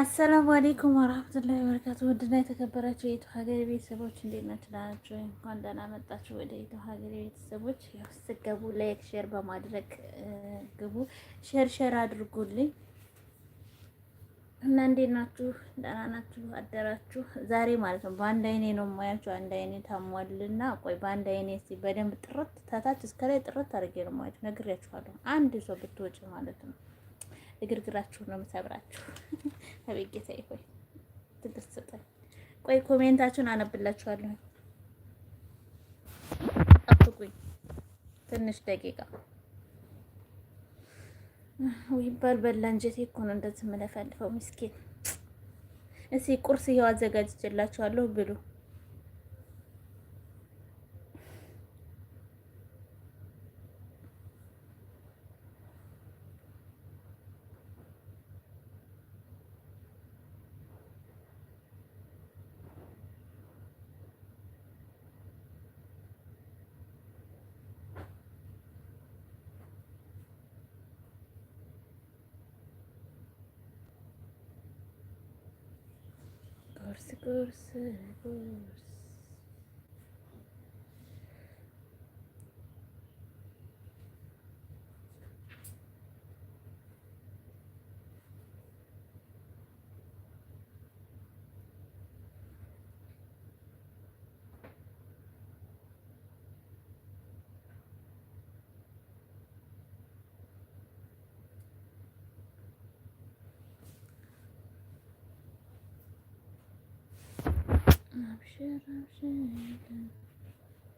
አሰላሙ አሌይኩም ወራህመቱላሂ ወበረካቱ። ውድና የተከበራችሁ የኢትዮ ሀገሬ ቤተሰቦች እንዴት ናችሁ? ደህና ናችሁ? እንኳን ደህና መጣችሁ ወደ ኢትዮ ሀገሬ ቤተሰቦች። ያው ስትገቡ ላይክ ሼር በማድረግ ግቡ። ሼር ሼር አድርጉልኝ እና እንዴት ናችሁ? ደህና ናችሁ? አደራችሁ? ዛሬ ማለት ነው በአንድ አይኔ ነው የማያችሁ። አንድ አይኔ ታሟልና፣ ቆይ በአንድ አይኔ እስኪ በደንብ ጥርት ተታች እስከላይ ጥርት አድርጌ ነው የማያችሁ። ነግሬያችኋለሁ። አንድ ሰው ብትወጪ ማለት ነው እግርግራችሁን ነው የምሰብራችሁ። አቤት ጌታዬ ሆይ ትዕግስት ስጠኝ። ቆይ ኮሜንታችሁን አነብላችኋለሁ። ጠብቁኝ ትንሽ ደቂቃ። ወይ በልበላ በላ እንጀቴ እኮ ነው እንደዚህ የምለፈልፈው ምስኪን። እስኪ ቁርስ ይኸው አዘጋጅቼላችኋለሁ ብሉ። করছে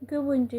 ግቡ እንጂ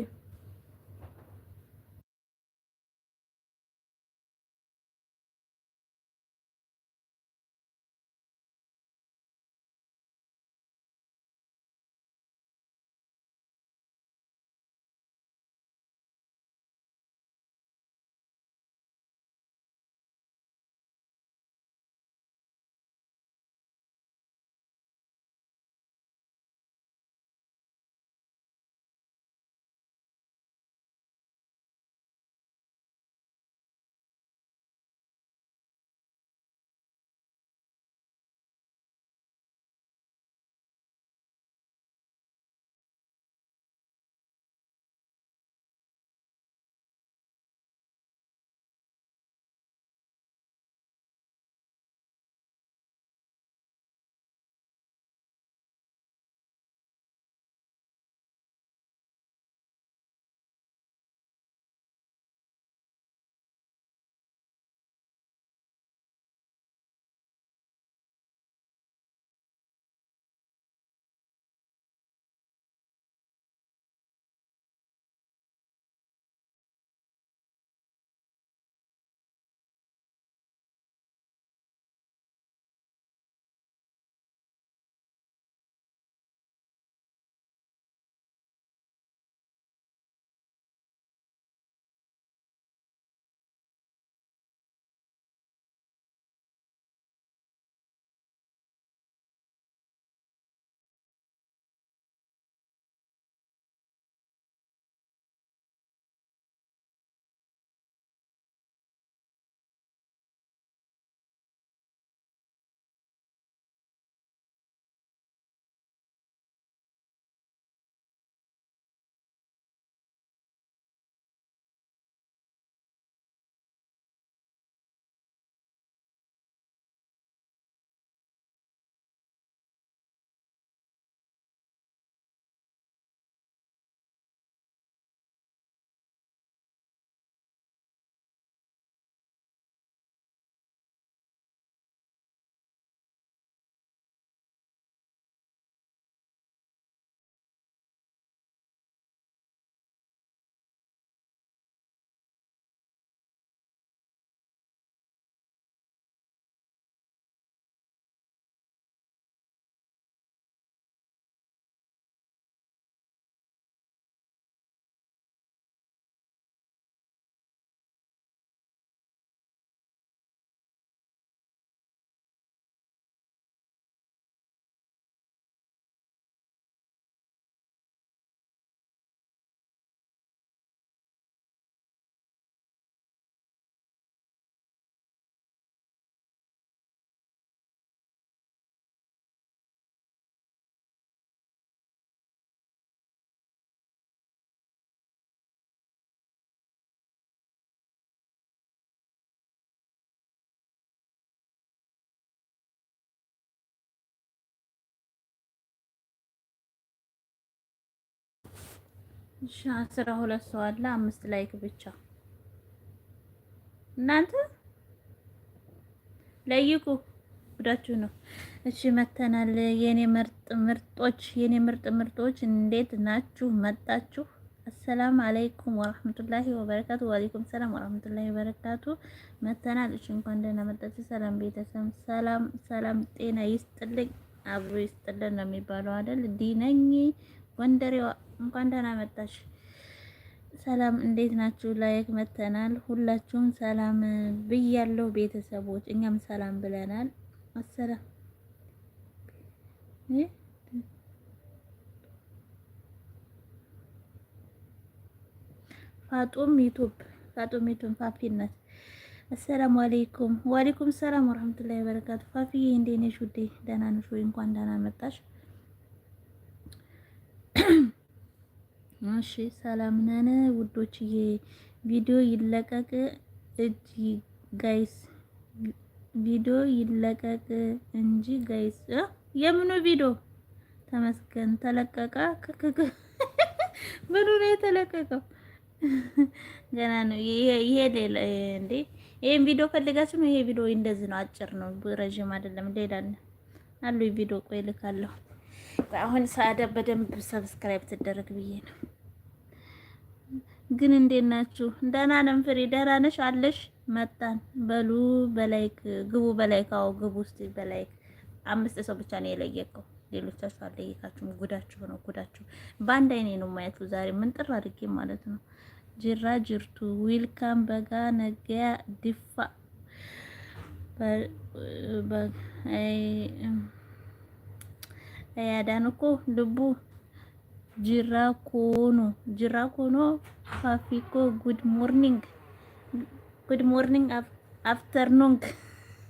እሺ አስራ ሁለት ሰው አለ። አምስት ላይክ ብቻ እናንተ ለይኩ ብዳችሁ ነው። እሺ መተናል። የኔ ምርጥ ምርጦች የኔ ምርጥ ምርጦች እንዴት ናችሁ? መጣችሁ። አሰላም አለይኩም ወራህመቱላሂ ወበረካቱ። ወአለይኩም ሰላም ወራህመቱላሂ ወበረካቱ። መተናል። እሺ እንኳን ደህና መጣችሁ። ሰላም ቤተሰብ፣ ሰላም ሰላም፣ ጤና ይስጥልኝ፣ አብሮ ይስጥልን ነው የሚባለው አይደል? ዲነኝ ጎንደሬዋ እንኳን ደህና መጣሽ። ሰላም እንዴት ናችሁ? ላይክ መተናል። ሁላችሁም ሰላም ብያለሁ ቤተሰቦች፣ እኛም ሰላም ብለናል። አሰላም ፋጡም ዩቱብ ፋጡም ዩቱብ ፋፊነት አሰላሙ አለይኩም ወአለይኩም ሰላም ወራህመቱላሂ ወበረካቱ። ፋፊ እንዴት ነሽ ውዴ? ደህና ነሽ ወይ? እንኳን ደህና መጣሽ። እሺ ሰላም ነን ውዶችዬ። ቪዲዮ ይለቀቅ እጅ ጋይስ፣ ቪዲዮ ይለቀቅ እንጂ ጋይስ። የምኑ ቪዲዮ? ተመስገን ተለቀቀ። ምኑ ነው የተለቀቀው? ገና ነው ይሄ ሌላ እንዴ? ይሄን ቪዲዮ ፈልጋችሁ ነው? ይሄ ቪዲዮ እንደዚህ ነው፣ አጭር ነው፣ ረዥም አይደለም። ሌላ አሉ ቪዲዮ ቆይ ልካለሁ። አሁን ሰአዳ በደንብ ሰብስክራይብ ትደረግ ብዬ ነው። ግን እንዴት ናችሁ? ደህና ነን። ፍሬ ደህና ነሽ? አለሽ መጣን። በሉ በላይክ ግቡ፣ በላይክ አዎ፣ ግቡ እስቲ በላይክ አምስት ሰው ብቻ ነው የለየቀው። ሌሎቻችሁ አልለየቃችሁም። ጉዳችሁ ነው ጉዳችሁ። በአንድ አይኔ ነው ማየቱ ዛሬ ምን ጥር አድርጌ ማለት ነው። ጅራ ጅርቱ ዊልካም በጋ ነገያ ድፋ ያዳን እኮ ልቡ ጅራ ኮኑ ኮኖ ፋፊኮ ጉድ ሞርኒንግ ጉድ ሞርኒንግ አፍተርኖንግ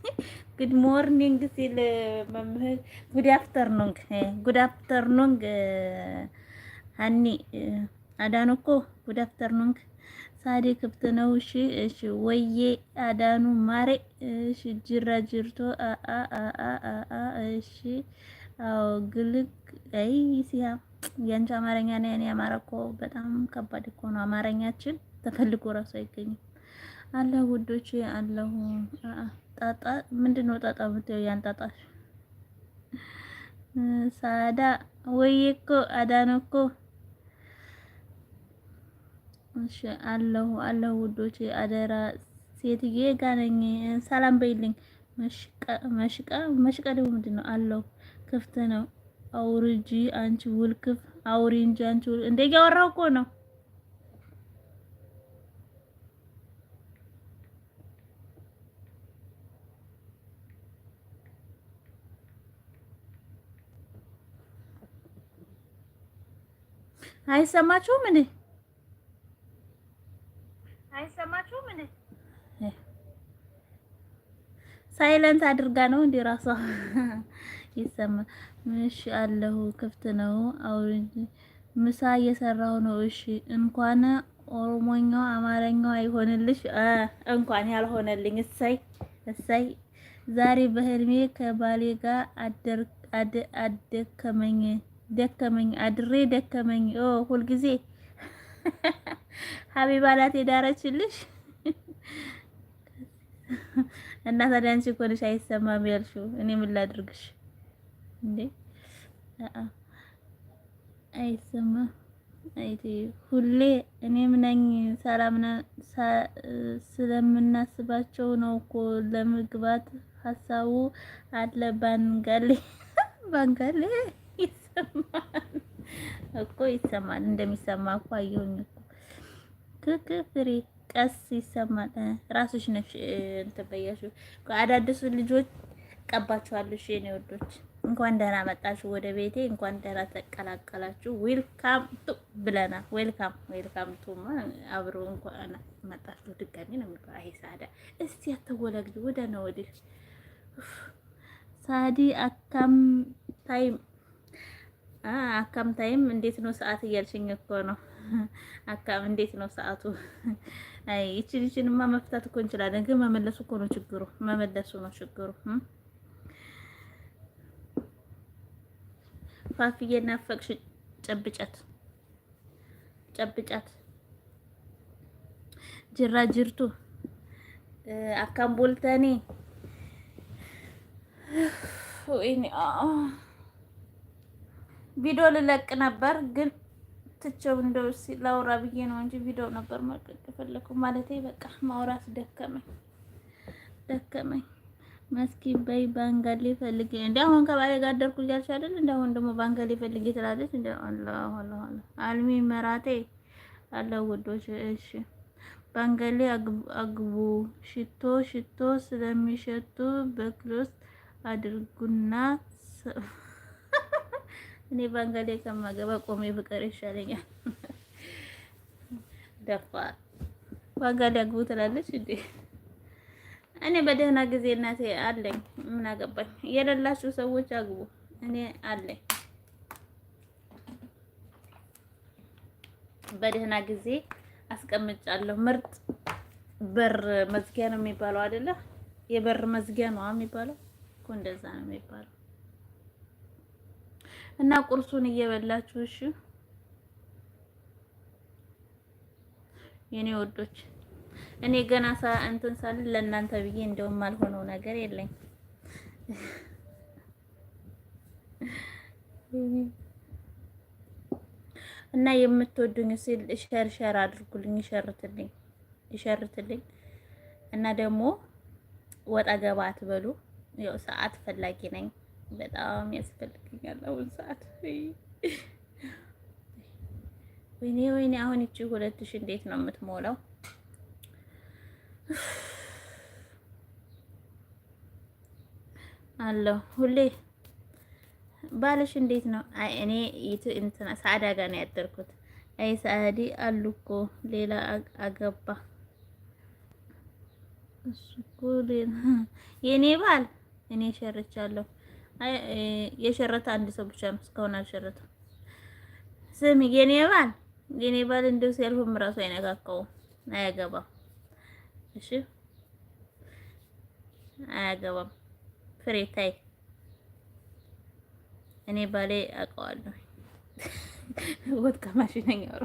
ጉድ ሞርኒንግ ሲል መምህር ጉድ አፍተርኑንግ ጉድ አፍተርኑንግ ሀኒ አዳን እኮ ጉድ አፍተርኑንግ ሳዲ ክብት ነው። እሺ እሺ፣ ወዬ አዳኑ ማሬ እሺ፣ ጅራ ጅርቶ አ አ አ አ እሺ አዎ ግልግ አይ ሲያ የአንቺ አማርኛ ነው የኔ አማራ እኮ በጣም ከባድ እኮ ነው። አማርኛችን ተፈልጎ ራሱ አይገኝም። አለሁ ውዶች አለሁ። ጣጣ ምንድን ነው ጣጣ ያን ያንጣጣሽ ሳዳ ወይ እኮ አዳነ እኮ እሺ። አለሁ አለሁ ውዶች አደራ ሴትዬ ጋር ነኝ። ሰላም በይልኝ። መሽቃ መሽቃ መሽቃ ደግሞ ምንድን ነው አለሁ ክፍት ነው። አውርጂ አንቺ ውልክፍ አውሪ እንጂ አንቺ ውል እንደ እያወራሁ እኮ ነው። አይሰማችሁም እንዴ? አይሰማችሁም እንዴ? ሳይለንት አድርጋ ነው እንዴ ራሷ ምሽ አለሁ ክፍት ነው። አውሪ ምሳ እየሰራሁ ነው። እሺ እንኳን ኦሮሞኛው አማርኛው አይሆንልሽ እንኳን ያልሆነልኝ እሰይ እሰይ። ዛሬ በህልሜ ከባሌ ጋር አደከመኝ ደከመኝ አድሬ ደከመኝ። ኦ ሁልጊዜ ሀቢባ ናት የዳረችልሽ። እና ታዲያ አንቺ እኮ ነሽ አይሰማም ያልሽው። እኔ ምን ላድርግሽ? እንዴ አይሰማ አይቴ ሁሌ እኔም ነኝ ሰላምና ስለምናስባቸው ነው እኮ ለመግባት ሀሳቡ አለ። ባንጋሌ ባንጋሌ ይሰማል እኮ ይሰማል፣ እንደሚሰማ እኮ አየሁኝ እኮ ክክ ፍሬ ቀስ ይሰማል። ራስሽ ነሽ እንትን በያሽ አዳዲሱ ልጆች ቀባችኋለሽ የኔ ወዶች እንኳን ደህና መጣችሁ ወደ ቤቴ፣ እንኳን ደህና ተቀላቀላችሁ። ዌልካም ቱ ብለና ዌልካም ዌልካም ቱ አብሮ እንኳን መጣችሁ ድጋሚ ነው የሚባለው። አይ ሳዳ እስቲ አተወላግጅ ወደ ነው ወዲህ ሳዲ አካም ታይም አካም ታይም እንዴት ነው ሰዓት እያልሽኝ እኮ ነው። አካም እንዴት ነው ሰዓቱ? አይ እቺ ልጅንማ መፍታት እኮ እንችላለን፣ ግን መመለሱ እኮ ነው ችግሩ። መመለሱ ነው ችግሩ። ፋፍዬ እናፈቅሽ ጨብጨት ጨብጨት ጅራ ጅርቱ አካም ቦልተኔ ቪዲዮ ልለቅ ነበር ግን ትቸው እንደው ላውራ ብዬ ነው እንጂ ቪዲዮ ነበር መልቀቅ የፈለኩ ማለቴ። በቃ ማውራት ደከመኝ ደከመኝ። መስኪ በይ ባንጋሊ ፈልጌ እንደ አሁን ከባሌ ጋር አደርኩ እያልሽ አይደል? እንደ አሁን ደግሞ ባንጋሊ ፈልጌ ትላለች። እንደ አላህ አላህ አልሚ መራቴ አለ ውዶች። እሺ ባንጋሊ አግቡ። ሽቶ ሽቶ ስለሚሸቱ በክሎስ አድርጉና እኔ ባንጋሊ ከማገባ ቆሜ ፍቅር ይሻለኛል። ደፋ ባንጋሊ አግቡ ትላለች እንዴ እኔ በደህና ጊዜ እናቴ አለኝ። ምን አገባኝ? የሌላችሁ ሰዎች አግቡ። እኔ አለኝ በደህና ጊዜ አስቀምጫለሁ። ምርጥ በር መዝጊያ ነው የሚባለው አይደለ? የበር መዝጊያ ነው የሚባለው እኮ እንደዛ ነው የሚባለው። እና ቁርሱን እየበላችሁ እሺ የኔ ወዶች እኔ ገና እንትን ሳልን ለእናንተ ብዬ እንደውም አልሆነው ነገር የለኝ። እና የምትወዱኝ ሲል ሸር ሸር አድርጉልኝ፣ ይሸርትልኝ ይሸርትልኝ። እና ደግሞ ወጣ ገባ አትበሉ። ያው ሰዓት ፈላጊ ነኝ፣ በጣም ያስፈልገኛል አሁን ሰዓት። ወይኔ ወይኔ፣ አሁን እቺ ሁለት ሺህ እንዴት ነው የምትሞላው? አለሁ ሁሌ ባለሽ እንዴት ነው? አይ እኔ ይቱ እንትና ሳዳ ጋር ነው ያደርኩት። አይ ሳዲ አሉ ሌላ አገባ። እሱ ሌላ የኔ ባል እኔ ሸርቻለሁ። አይ የሸረተ አንድ ሰው ብቻ ነው እስካሁን አልሸረተም። ስሚ የኔ ባል የኔ ባል እንደው ሲያልፍም ራሱ አይነካካውም፣ አያገባም እሺ፣ አያገባም። ፍሬ ታይ፣ እኔ ባሌ አውቀዋለሁ። ወጥ ቀማሽ ነኝ አውሮ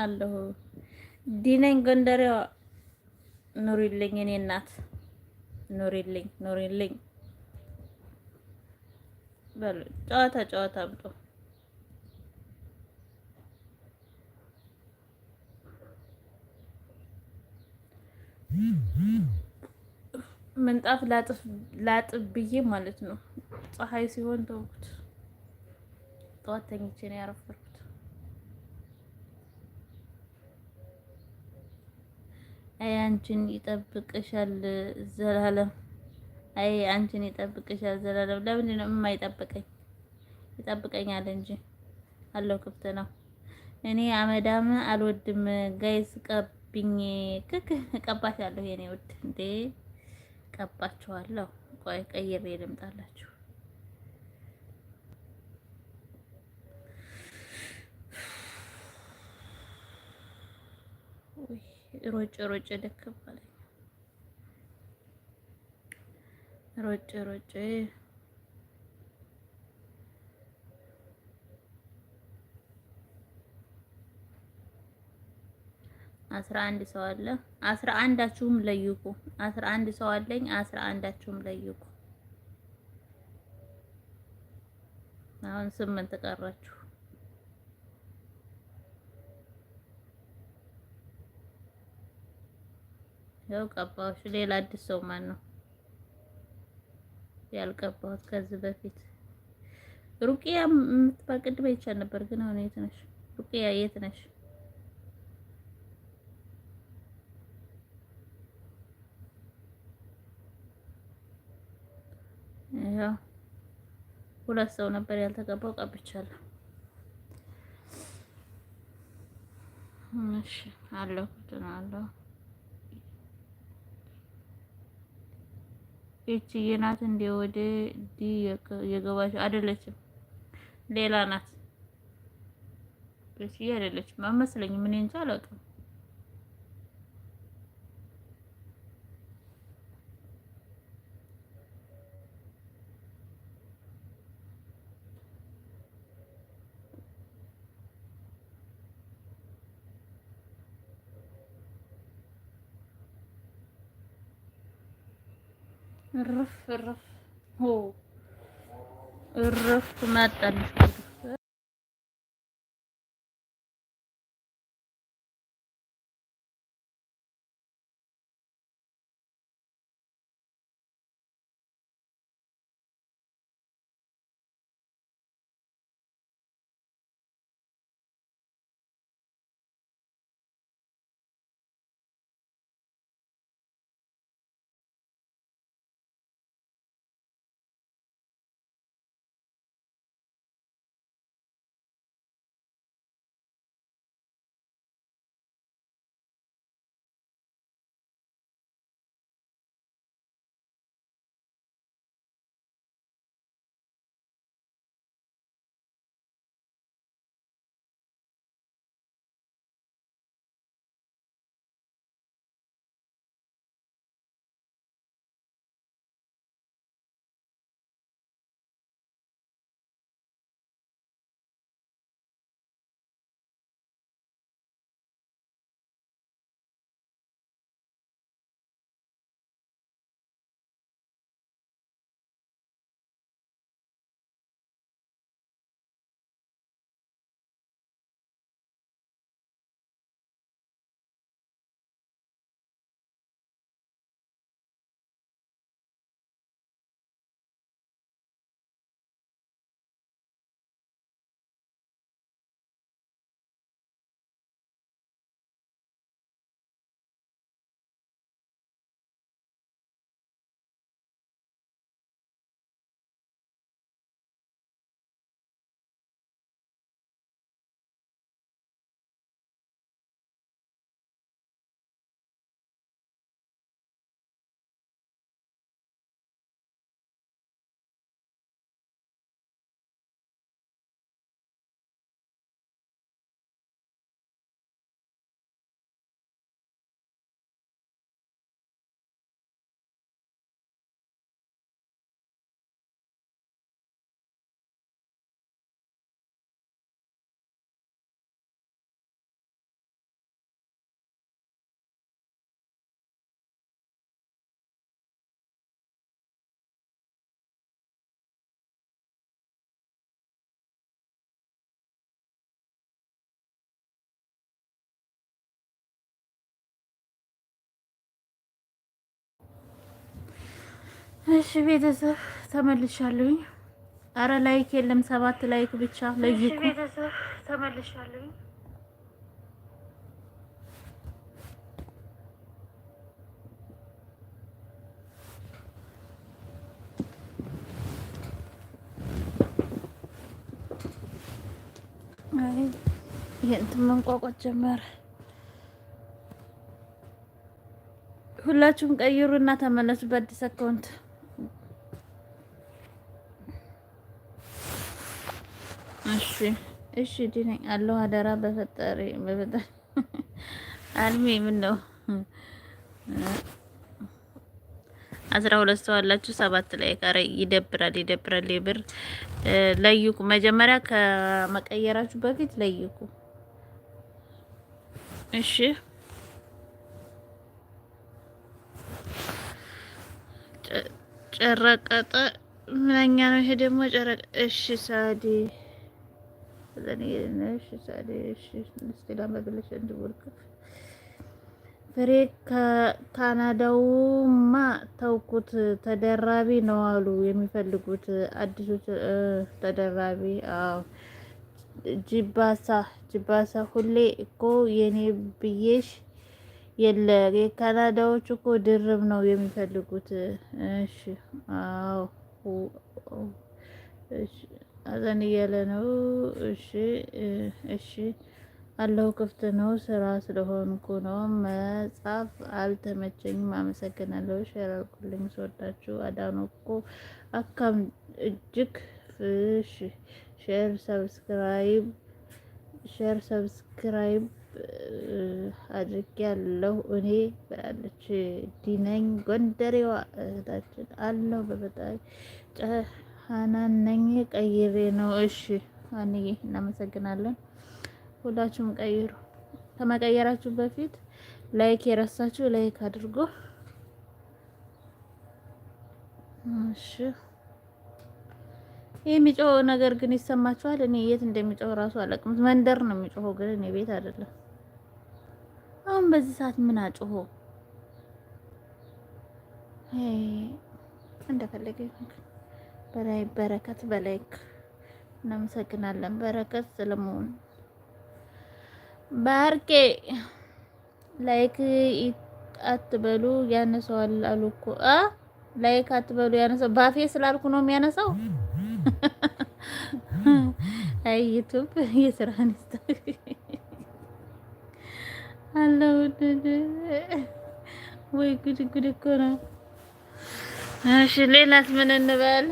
አለሁ ዲነኝ ጎንደሬዋ ኑሪልኝ እኔ እናት ኖሬልኝ ኖሬልኝ በሉ። ጨዋታ ጨዋታ አምጦ ምንጣፍ ላጥብ ብዬ ማለት ነው። ፀሐይ ሲሆን ተውኩት። ጠዋት ተኝቼ ነው ያረፈርኩት። አይ አንቺን ይጠብቅሻል ዘላለም። አይ አንቺን ይጠብቅሻል ዘላለም። ለምንድን ነው የማይጠብቀኝ? ይጠብቀኛል እንጂ አለው። ክፍት ነው። እኔ አመዳም አልወድም። ጋይስ ቀብኝ። ክክ ቀባሻለሁ። የኔ ውድ እንዴ ቀባችኋለሁ። ቆይ ቀይሬ ልምጣላችሁ። ውይ ሮጭ ሮጭ ደክም አለኝ። ሮጭ ሮጭ አስራ አንድ ሰው አለ። አስራ አንዳችሁም ለይቁ። አስራ አንድ ሰው አለኝ። አስራ አንዳችሁም ለይቁ። አሁን ስምንት ቀራችሁ። ያው ቀባዎች ሌላ አዲስ ሰው ማን ነው ያልቀባሁት? ከዚህ በፊት ሩቅያ የምትባል ቅድም ይቻል ነበር፣ ግን አሁን የት ነሽ ሩቅያ? የት ነሽ? ያው ሁለት ሰው ነበር ያልተቀባው፣ ቀብቻለሁ። እሺ አለሁ አለሁ እቺ የናት እንደ ወደ ዲ የገባች አይደለችም፣ ሌላ ናት። እቺዬ አይደለችም አይመስለኝም፣ ምን እንጃ አላውቅም። እርፍ እርፍ ኦ እርፍ መጣልሽ እሺ ቤተሰብ ተመልሻለሁኝ። አረ ላይክ የለም ሰባት ላይክ ብቻ ለይኩ። ቤተሰብ ተመልሻለሁኝ። ይሄን መንቋቋት ጀመረ። ሁላችሁም ቀይሩና ተመለሱ በአዲስ አካውንት እሺ እሺ ድነኝ አለው አደራ በፈጠሪ በፈጣሪ አልሚ ምን ነው አስራ ሁለት ሰው አላችሁ ሰባት ላይ ቀረ። ይደብራል ይደብራል። የብር ለይኩ መጀመሪያ ከመቀየራችሁ በፊት ለይኩ። እሺ ጨረቀጠ ምንኛ ነው ይሄ ደግሞ ጨረቀ። እሺ ሳዲ ፍሬ ካናዳውማ ተውኩት። ተደራቢ ነው አሉ የሚፈልጉት አዲሱ ተደራቢ። ጅባሳ ጅባሳ፣ ሁሌ እኮ የኔ ብዬሽ የለ የካናዳዎች እኮ ድርብ ነው የሚፈልጉት። እሺ አዎ እሺ አዘን እያለ ነው። እሺ እሺ አለሁ። ክፍት ነው። ስራ ስለሆንኩ ነው። መጻፍ አልተመቸኝም። አመሰግናለሁ። ሼር አድርጉልኝ። ስወዳችሁ አዳኑ እኮ አካም እጅግ ፍሽ ሼር ሰብስክራይብ ሼር ሰብስክራይብ አድርጌ ያለሁ እኔ ብላለች። ዲነኝ ጎንደሬዋ እህታችን አለሁ በበጣም ሀናን ነኝ ቀይሬ ነው። እሺ አንዬ እናመሰግናለን። ሁላችሁም ቀይሩ። ከመቀየራችሁ በፊት ላይክ የረሳችሁ ላይክ አድርጎ። እሺ ይህ የሚጮኸው ነገር ግን ይሰማችኋል። እኔ የት እንደሚጮኸው እራሱ አላውቅም። መንደር ነው የሚጮኸው፣ ግን እኔ ቤት አይደለም። አሁን በዚህ ሰዓት ምን አጮኸው? እንደፈለገ በላይ በረከት በላይክ እናመሰግናለን። በረከት ስለመሆኑ ባርኬ ላይክ አትበሉ ያነሳዋል አሉ እኮ እ ላይክ አትበሉ ያነሳው ባፌ ስላልኩ ነው የሚያነሳው። አይ ዩቱብ የስራ አንስተ አለው ወይ ጉድ ጉድ እኮ ነው። እሺ ሌላስ ምን እንበል?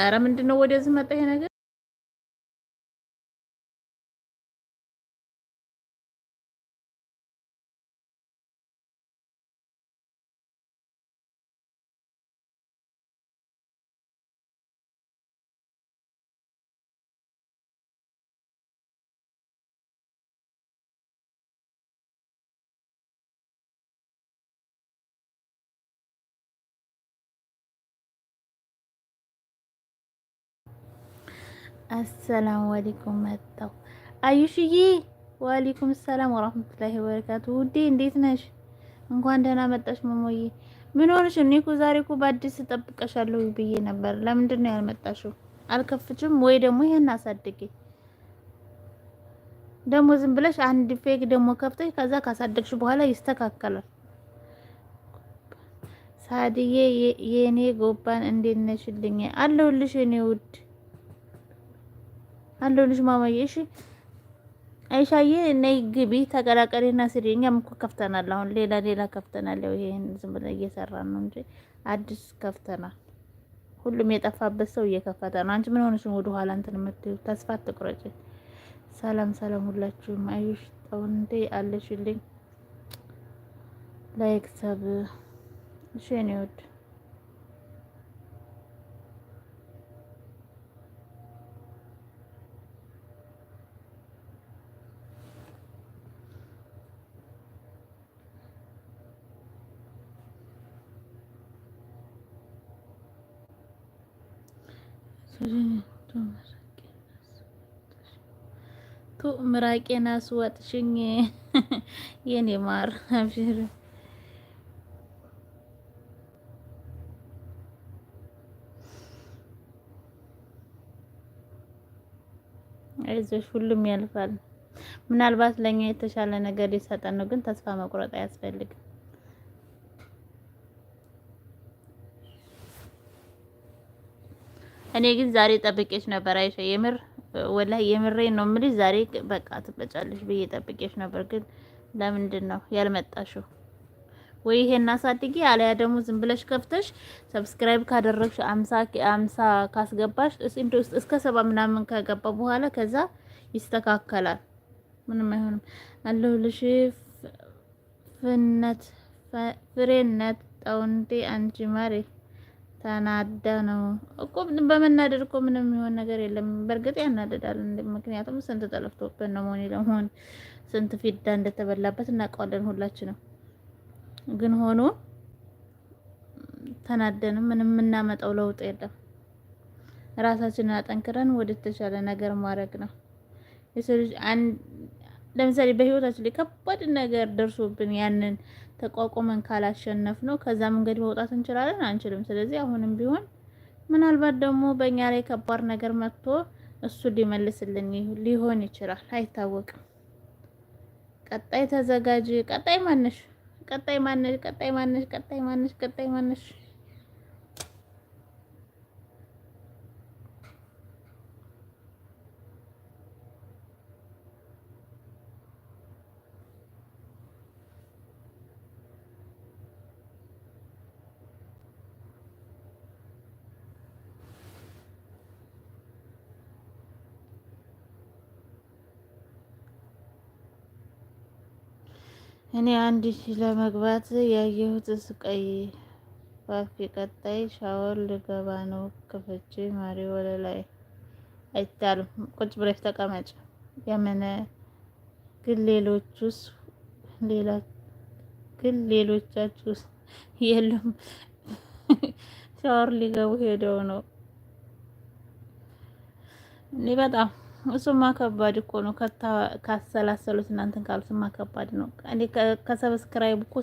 ኧረ ምንድነው ወደዚህ መጣ ይሄ ነገር? አሰላሙ አለይኩም መጣሁ። አዩሽዬ ወአለይኩም ሰላም ወራህመቱላሂ ወበረካቱ። ውዴ እንዴት ነሽ? እንኳን ደህና መጣሽ መሞዬ። ምን ሆነሽ? እኔ እኮ ዛሬ እኮ በአዲስ እጠብቀሻለሁ ብዬ ነበር። ለምንድን ነው ያልመጣሽው? አልከፍችም ወይ ደግሞ ይሄን አሳድጌ ደግሞ ዝም ብለሽ አንድ ፌክ ደግሞ ከፍተሽ ከዛ ካሳደግሽ በኋላ ይስተካከላል። ሳድዬ የኔ ጎባን እንዴት ነሽልኝ? አለሁልሽ የኔ ውድ አለሁልሽ ማማዬ። እሺ አይሻዬ፣ ነይ ግቢ ተቀላቀሪና ስሪ። እኛም እኮ ከፍተናል፣ አሁን ሌላ ሌላ ከፍተናል። ያው ይሄን ዝም ብለን እየሰራን ነው እንጂ አዲስ ከፍተናል። ሁሉም የጠፋበት ሰው እየከፈተ ነው። አንቺ ምን ሆነሽ ወደ ኋላ እንትን የምትይው? ተስፋ አትቁረጪ። ሰላም ሰላም፣ ሁላችሁም አዩሽ ጠውንዴ አለሽልኝ። ላይክ ሰብ እሺ ቱ ምራቄን አስወጥሽኝ የኔ ማር አብሽር አይዞሽ ሁሉም ያልፋል። ምናልባት ለኛ የተሻለ ነገር ሊሰጠን ነው፣ ግን ተስፋ መቁረጥ አያስፈልግም። እኔ ግን ዛሬ ጠብቄሽ ነበር አይሻ፣ የምር ወላሂ የምሬን ነው የምልሽ። ዛሬ በቃ ትበጫለሽ ብዬ ጠብቄሽ ነበር። ግን ለምንድን ነው ያልመጣሽው? ወይ ይሄን አሳድጊ፣ አለያ ደግሞ ዝም ብለሽ ከፍተሽ ሰብስክራይብ ካደረግሽ 50 50 ካስገባሽ እስከ ሰባ ምናምን ከገባ በኋላ ከዛ ይስተካከላል። ምንም አይሆንም አለሁልሽ። ፍነት ፍሬነት ጠውንዴ አንቺ ማሬ ተናዳ ነው እኮ በመናደድ እኮ ምንም የሚሆን ነገር የለም። በእርግጥ ያናደዳል፣ ምክንያቱም ስንት ተለፍቶበት ነው መሆን ለመሆን ስንት ፊዳ እንደተበላበት እናውቀዋለን ሁላችንም። ግን ሆኖ ተናደንም ምንም የምናመጣው ለውጥ የለም። ራሳችንን አጠንክረን ወደ ተሻለ ነገር ማድረግ ነው። የሰው ልጅ ለምሳሌ በህይወታችን ላይ ከባድ ነገር ደርሶብን ያንን ተቋቁመን ካላሸነፍ ነው ከዛ መንገድ መውጣት እንችላለን አንችልም። ስለዚህ አሁንም ቢሆን ምናልባት ደግሞ በእኛ ላይ ከባድ ነገር መጥቶ እሱ ሊመልስልን ሊሆን ይችላል፣ አይታወቅም። ቀጣይ ተዘጋጅ። ቀጣይ ማነሽ? ቀጣይ ማነሽ? ቀጣይ ማነሽ? ቀጣይ ማነሽ? ቀጣይ ማነሽ? እኔ አንድ ሺ ለመግባት ያየሁት ስቀይ ፋፊ ቀጣይ ሻወር ልገባ ነው። ክፍች ማሪ ወደ ላይ አይታልም። ቁጭ ብለሽ ተቀመጭ። የመነ ግን ሌሎቹስ ሌላ ግን ሌሎቻችሁስ የሉም ሻወር ሊገቡ ሄደው ነው እኔ በጣም እሱማ ከባድ እኮ ነው። ካሰላሰሉት እናንተን ካሉትማ ከባድ ነው። ከሰብስክራይብ እኮ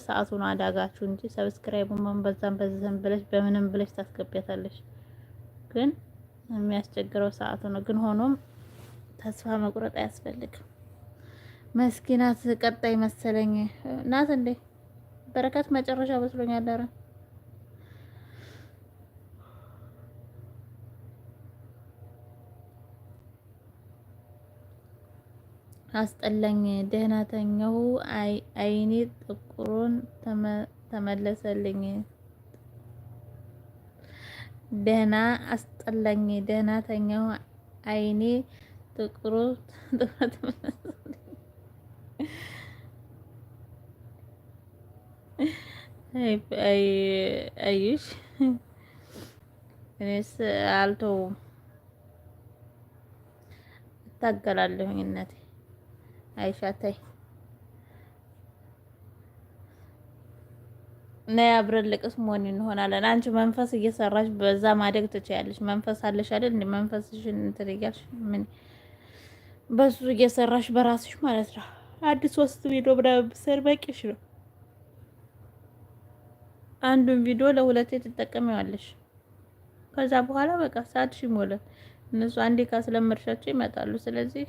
ነው አዳጋችሁ እንጂ ሰብስክራይቡ ማን በዛም በዘን ብለሽ በምንም ብለሽ ታስገቢያታለሽ። ግን የሚያስቸግረው ሰዓቱ ነው። ግን ሆኖም ተስፋ መቁረጥ አያስፈልግም። መስኪናት ቀጣይ መሰለኝ ናት እንዴ በረከት መጨረሻ መስሎኛል። አስጠላኝ። ደህና ተኛሁ። አይኔ ጥቁሩን ተመለሰልኝ። ደህና አስጠላኝ። ደህና ተኛሁ። አይኔ ጥቁሩ ተመለሰልኝ። አዩሽ እኔስ አልተውም፣ እታገላለሁኝ እናቴ አይሻ ተይ ነይ አብረን ልቅስ መሆን እንሆናለን። አንቺ መንፈስ እየሰራሽ በዛ ማደግ ትችያለሽ። መንፈስ አለሽ አይደል? እንደ መንፈስሽን እንትን እያልሽ ምን በሱ እየሰራሽ በራስሽ ማለት ነው። አዲስ ሶስት ቪዲዮ ምናምን ብትሰሪ በቂሽ ነው። አንዱን ቪዲዮ ለሁለቴ ትጠቀሚዋለሽ። ከዛ በኋላ በቃ ሰዓትሽ ይሞላል። እነሱ አንዴ ካስለመድሻቸው ይመጣሉ። ስለዚህ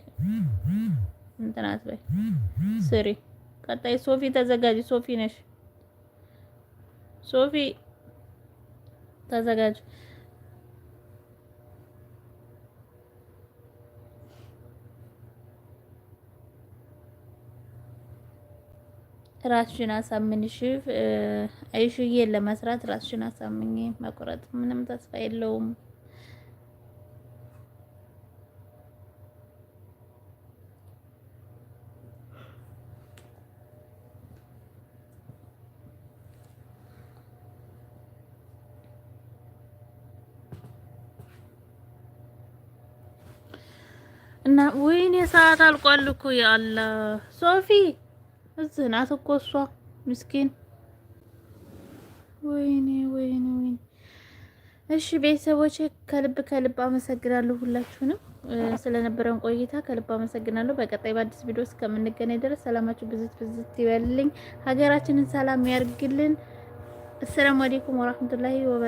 እንትን አትበይ፣ ስሪ። ቀጣይ ሶፊ ተዘጋጅ። ሶፊ ነሽ። ሶፊ ተዘጋጅ። ራስሽን አሳምንሽ። አይሽዬ ለመስራት ራስሽን አሳምኝ። መቁረጥ ምንም ተስፋ የለውም። በና ወይኔ ሰዓት አልቋል እኮ ያለ ሶፊ እዚህ ናት እኮ እሷ ምስኪን። ወይኔ ወይኔ ወይኔ። እሺ ቤተሰቦች ከልብ ከልብ አመሰግናለሁ ሁላችሁንም ስለነበረን ቆይታ ከልብ አመሰግናለሁ። በቀጣይ በአዲስ ቪዲዮ እስከምንገናኝ ድረስ ሰላማችሁ ብዝት ብዝት ይበልልኝ። ሀገራችንን ሰላም ያርግልን። አሰላሙ አለይኩም ወራህመቱላሂ ወበረካቱ።